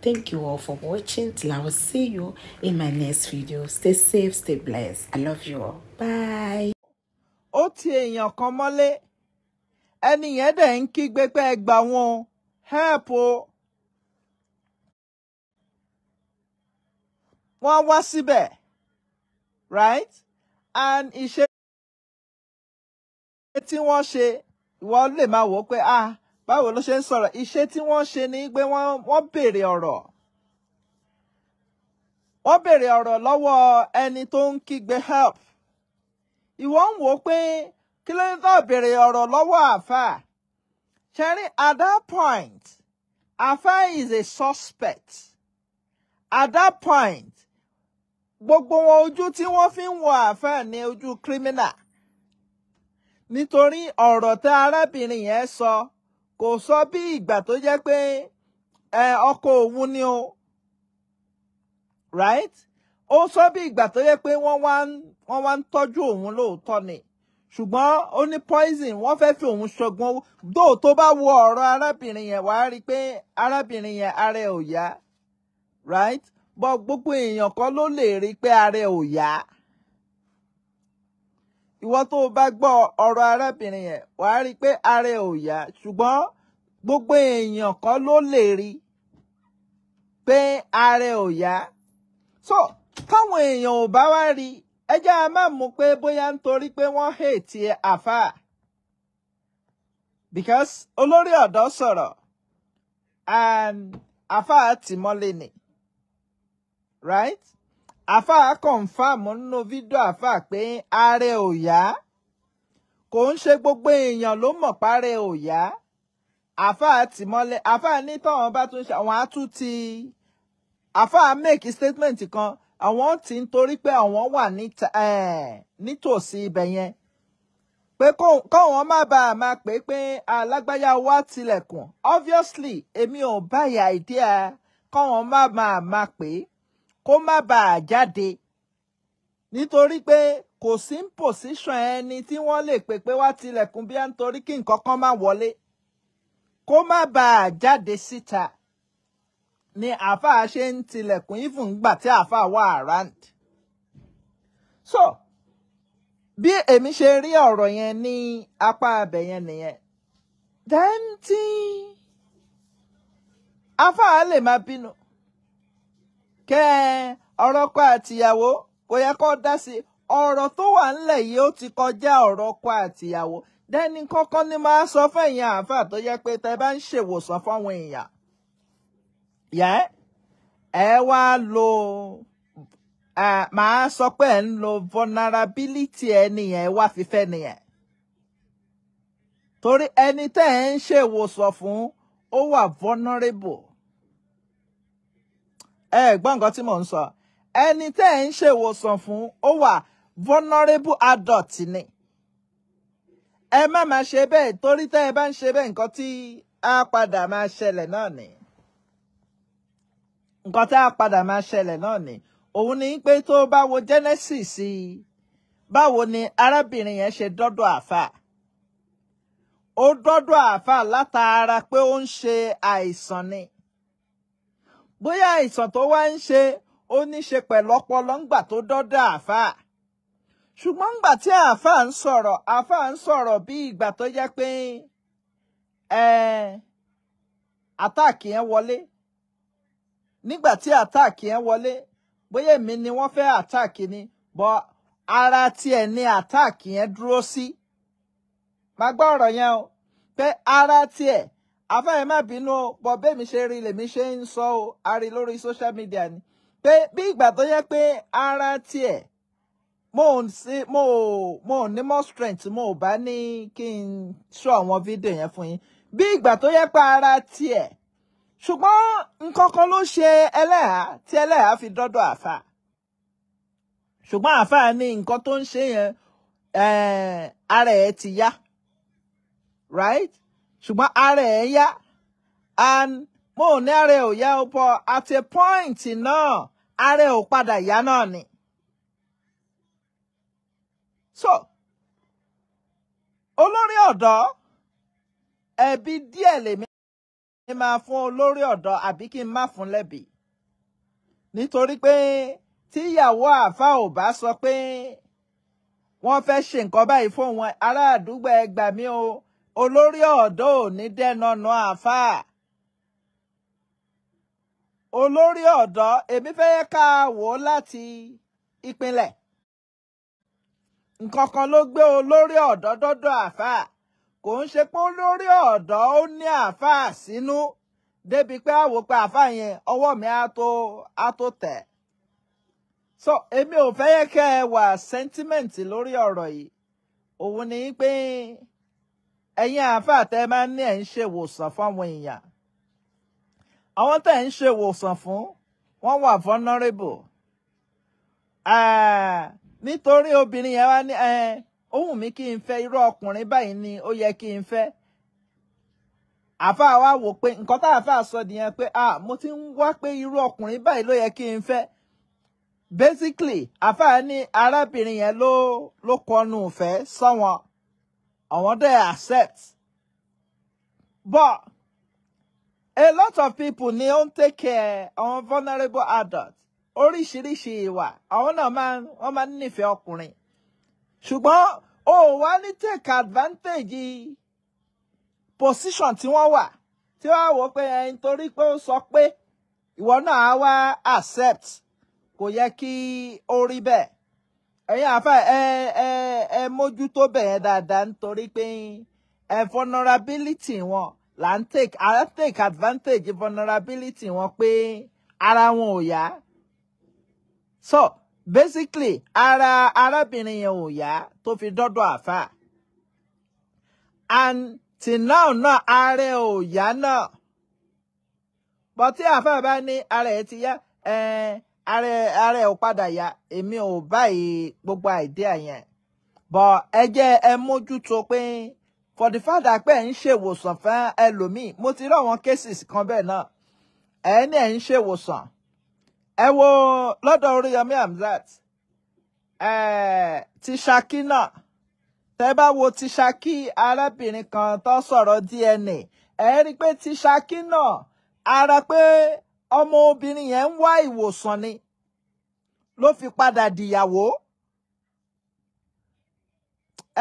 Thank you all for watching. Till I will see you in my next video. Stay safe, stay blessed. I love you all. Bye. Ó ti èèyàn kan mọ́lé. Ẹni yẹn dẹ̀ ń kígbe pé ẹ Help o. Wọ́n wá síbẹ̀. Right? And ìṣe tí wọ́n ṣe, ìwọ lè máa wò ó ah báwo ló ṣe ń sọ̀rọ̀ iṣẹ́ tí wọ́n ṣe ni pé wọ́n béèrè ọ̀rọ̀ wọ́n béèrè ọ̀rọ̀ lọ́wọ́ ẹni tó ń kígbe help ìwọ ń wò ó pé kí ló ń tọ́ béèrè ọ̀rọ̀ lọ́wọ́ àfà ṣẹ́rí at that point àfà is a suspect at that point gbogbo wọn ojú tí wọ́n fi ń wo àfà ní ojú criminal nítorí ọ̀rọ̀ tí arábìnrin yẹn sọ. So, kò sọ bí ìgbà tó jẹ́ pé ọkọ òun ni o right ó sọ bí ìgbà tó jẹ́ pé wọ́n wá wọ́n wá ń tọ́jú òun lóòótọ́ ni ṣùgbọ́n ó ní poison wọ́n fẹ́ fi òun ṣọgbọ́n dó tó bá wo ọ̀rọ̀ arábìnrin yẹn wàá rí i pé arábìnrin yẹn ara ẹ̀ ò yá right bọ́ gbogbo èèyàn kan ló lè rí i pé ara ẹ̀ ò yá ìwọ tó o bá gbọ́ ọ̀rọ̀ arábìnrin yẹn wàá rí i pé ara ò yá ṣùgbọ́n gbogbo èèyàn kọ́ ló lè rí pé ara ò yá so káwọn èèyàn ò bá wá rí ẹ jẹ́ a má mú pé bóyá nítorí pé wọ́n hètì àfáà because olórí ọ̀dọ́ sọ̀rọ̀ and um, àfáà tìmọ́lé ni right àáfàá kọ̀ǹfàmù nínú fídíò àáfàá pé ààrẹ ò yá kò ń ṣe gbogbo èèyàn ló mọ̀ párẹ̀ ò yá àáfàá tì mọ́lẹ̀ àáfàá ní táwọn bá tún ṣe àwọn á tún ti àáfàá make statement kan àwọn tí ń torí pé àwọn wà eh, nítòsí ibẹ̀ yẹn pé kọ́wọn má bàa máa pè é pé alágbáyà wa tilẹ̀kùn obviously Emi ò báyà idea kọ́wọn má ma máa pè é kó má bàa jáde nítorí pé kò sí pòsíṣàn ẹni tí wọ́n lè pè pé wá tilẹ̀kùn bí à ń torí kí nǹkan kan má wọlé kó má bàa jáde síta ni àáfàá ṣe ń tilẹ̀kùn even gbà tí àáfàá wà around. so bí èmi ṣe rí ọ̀rọ̀ yẹn ní apá abẹ yẹn nìyẹn then àáfàá lè máa bínú. No kẹ́ ẹ ọ̀rọ̀ ọkọ àtìyàwó kò yẹ kó dá sí ọ̀rọ̀ tó wà ńlẹ̀ yìí ó ti kọjá ọ̀rọ̀ ọkọ àtìyàwó dẹ́ni kọ́kọ́ ni máa sọ fẹ̀yìn àáfàá tó yẹ pé tẹ́ bá ń ṣèwòsàn fáwọn èèyàn yẹ ẹ wá lo màá sọ pé ẹ ń lo vulnerability ẹni yẹn wá fífẹ́ nìyẹn torí ẹni tẹ́ ẹ ń ṣèwòsàn fún ó wà vulnerable ẹ gbọ́ nǹkan tí mò ń sọ ẹni tẹ ẹ ń ṣèwòsàn fún ó wà vulnerable adult ni ẹ má máa ṣe bẹ́ẹ̀ torí tẹ́ ẹ bá ń ṣe bẹ́ẹ̀ nǹkan tí á padà máa ṣẹlẹ̀ náà ni nǹkan tí á padà máa ṣẹlẹ̀ náà ni òun ni pé tó bá wo Genesis báwo ni arábìnrin yẹn ṣe dodo àfáà ó látara pé ó ń ṣe ni. bóyá àìsàn tó wá ń ṣe ó ní ṣe pẹ̀lú ọpọlọ ńgbà tó dọ́dọ̀ àáfàá ṣùgbọ́n ńgbà tí àáfàá ń sọ̀rọ̀ àáfàá ń sọ̀rọ̀ bí ìgbà tó jẹ́ pé àtáàkì yẹn wọlé nígbà tí àtáàkì yẹn wọlé bóyá èmi ni wọ́n fẹ́ àtáàkì ni bọ́ ara tiẹ̀ ni àtáàkì yẹn dúró sí. màá gbọ́ ọ̀rọ̀ yẹn o pé ara tiẹ̀ àfà ẹ má bínú o bọ bẹ́ẹ̀ mi ṣe rí lèmi ṣe ń sọ o a rí lórí social media ni pé bí ìgbà tó yẹ pé ara tiẹ̀ mo ò sí mo ò mo ò ní more strength mo ò bá ní kí n show àwọn fídíò yẹn fún yín bí ìgbà tó yẹ pé ara tiẹ̀ ṣùgbọ́n nǹkan ló ṣe ẹlẹ́hàá tí ẹlẹ́hàá fi dọ́dọ̀ àfà ṣùgbọ́n àfà ní nǹkan tó ń ṣe yẹn ara ẹ̀ ti yá right ṣùgbọ́n ara ẹ̀ yá and mo ò ní ara ẹ̀ ò yá ọ̀pọ̀ at a point náà ara ẹ̀ ò padà yá náà ni. so olórí ọ̀dọ́ ẹ̀bi díẹ̀ lèmi máa fún olórí ọ̀dọ́ àbí kí n má fún lẹ́bi nítorí pé tíyàwó àáfàá ò bá sọ pé wọ́n fẹ́ ṣe nǹkan báyìí fún ará àdúgbò ẹ gbà mí o. olórí ọ̀dọ́ ò ní dẹ́nanà àfáà. olórí ọ̀dọ́ èmi fẹ́ yẹ ká wò ó láti ìpínlẹ̀ nǹkan kan ló gbé olórí ọ̀dọ́ dọ́dọ̀ àfáà, kò ń ṣe pé olórí ọ̀dọ́ ó ní àfáà sínú débi pé àwò mi á tó á tó tẹ̀. so èmi ò fẹ́ yẹ kẹ́ ẹ wà lórí ọ̀rọ̀ yìí ni pé. ẹ̀yin àáfàá tẹ́ máa ń ní ẹ̀ ń ṣe ìwòsàn fáwọn èèyàn àwọn tẹ́ ń ṣe ìwòsàn fún wọ́n wà vulnerable nítorí obìnrin yẹn wá ní ohun mi kí n fẹ́ irú ọkùnrin báyìí ni ó yẹ kí n fẹ́ àáfàá wa wò pé nǹkan tá àáfàá sọ nìyẹn pé ah mo ti ń wá pé irú ọkùnrin báyìí ló yẹ kí n fẹ́ basically àáfàá ní arábìnrin yẹn ló ló kọnu ìfẹ́ sọ́wọ́n. So àwọn dẹ̀ accept but a lot of people ni ó take care of vulnerable adults oríṣiríṣi ìwà àwọn náà máa wọ́n máa ń nífẹ̀ẹ́ ọkùnrin ṣùgbọ́n o wá ní take advantage position tí wọ́n wà tí wọ́n wò pé ẹni torí pé ó sọ accept kò oribe. kí ó ẹ̀yin àfa ẹ ẹ ẹ mójútó bẹ̀yẹn dáadáa nítorí pé ẹ vulnerability wọn là ń take à ń take advantage vulnerability wọn pé ara wọn ò yá so basically ara arábìnrin yẹn ò yá tó fi dọ́dọ̀ àfa and till now náà ara ẹ ò yá náà bọ́tí àfa bá ní ara ẹ ti yá Eh, ààrẹ ààrẹ ò padà ya. Emi ò báyìí gbogbo àìdíà yẹn Bo, eje e moju mójútó pé for the fact pé ẹ̀ ń ṣèwòsàn fún ẹlòmíì mo ti rí àwọn cases kan bẹ́ẹ̀ náà ẹ̀ ní ẹ̀ ń ṣèwòsàn ẹ wo lọ́dọ̀ Oríyọmí Hamzat ti Ṣakí náà tẹ́ bá wo ti Ṣakí arábìnrin kan tó sọ̀rọ̀ DNA ẹ rí i pé ti Ṣakí náà ara pé ọmọ obìnrin yẹn ń wá ìwòsàn ni ló fi padà dìyàwó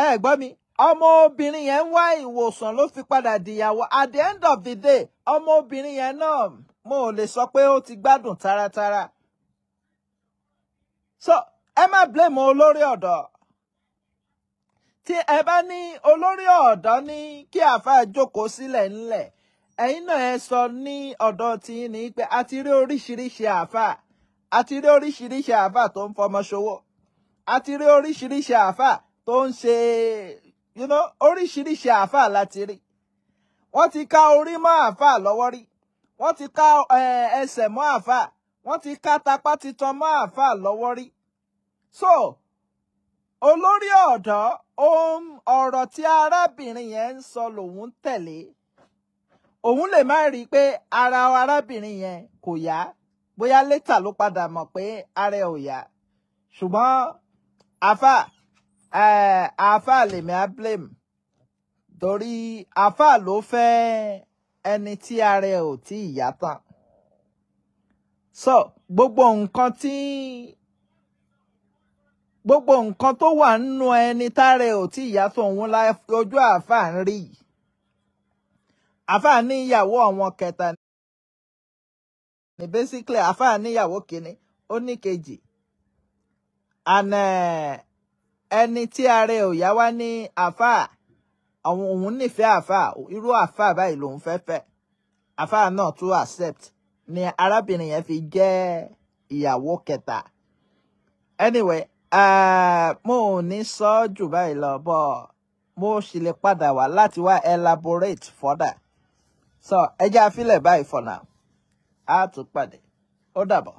ẹ gbọ́ mi ọmọ obìnrin yẹn ń wá ìwòsàn ló fi padà dìyàwó at the end of the day ọmọ obìnrin yẹn náà mo ò lè sọ pé ó ti gbádùn taratara so ẹ má blame olórí ọ̀dọ́ tí ẹ bá ní olórí ọ̀dọ́ ní kí àáfàá jókòó sílẹ̀ ńlẹ̀ ẹ̀yin náà ẹ sọ ní ọ̀dọ̀ tí ní pé a ti rí oríṣiríṣi àáfàá a ti rí oríṣiríṣi àáfàá tó ń fọmọ ṣòwò a ti rí oríṣiríṣi àáfàá tó ń ṣe you know, oríṣiríṣi àáfàá láti rí wọ́n ti ká orí mọ́ àáfàá lọ́wọ́ rí wọ́n ti ká ẹsẹ̀ mọ́ àáfàá wọ́n ti ká tapá titan mọ́ àáfàá lọ́wọ́ rí so olórí ọ̀dọ́ ohun ọ̀rọ̀ tí arábìnrin yẹn ń sọ lòun ń tẹ̀lé òun lè má rí pé ara arábìnrin yẹn kò yá bóyá létà ló padà mọ̀ pé ara ẹ̀ ò yá ṣùgbọ́n àáfà àáfà lèmi á blame torí àáfà ló fẹ́ ẹni tí ara ẹ̀ ò tí ì tán so gbogbo nǹkan tí gbogbo nǹkan tó wà nínú ẹni tára ẹ̀ ò tí ì tó òun láì ojú àáfà ń rí yìí àfáà ní ìyàwó àwọn kẹta ní basically àfáà ní ìyàwó kìíní ó ní kejì àná eh, ẹni tí ara ò yá wá ní àfáà àwọn òun nífẹ̀ẹ́ àfáà irú àfáà báyìí lòun fẹ́ fẹ́ àfáà náà tún accept ni arábìnrin yẹn fi jẹ́ ìyàwó kẹta anyway uh, mo ò ní sọ jù báyìí lọ bọ́ mo sì lè padà wá láti wá elaborate further so ẹ jẹ́ afílẹ̀ báyìí for now a tún pàdé ó dàbọ̀.